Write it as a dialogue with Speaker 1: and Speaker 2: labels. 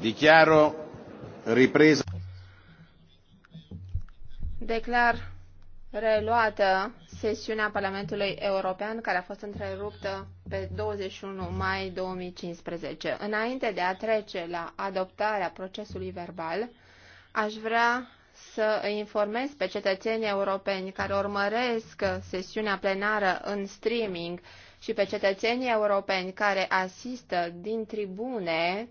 Speaker 1: Dichiaro
Speaker 2: ripresa.
Speaker 3: Declar reluată sesiunea Parlamentului European care a fost întreruptă pe 21 mai 2015. Înainte de a trece la adoptarea procesului verbal, aș vrea să îi informez pe cetățenii europeni care urmăresc sesiunea plenară în streaming și pe cetățenii europeni care asistă din tribune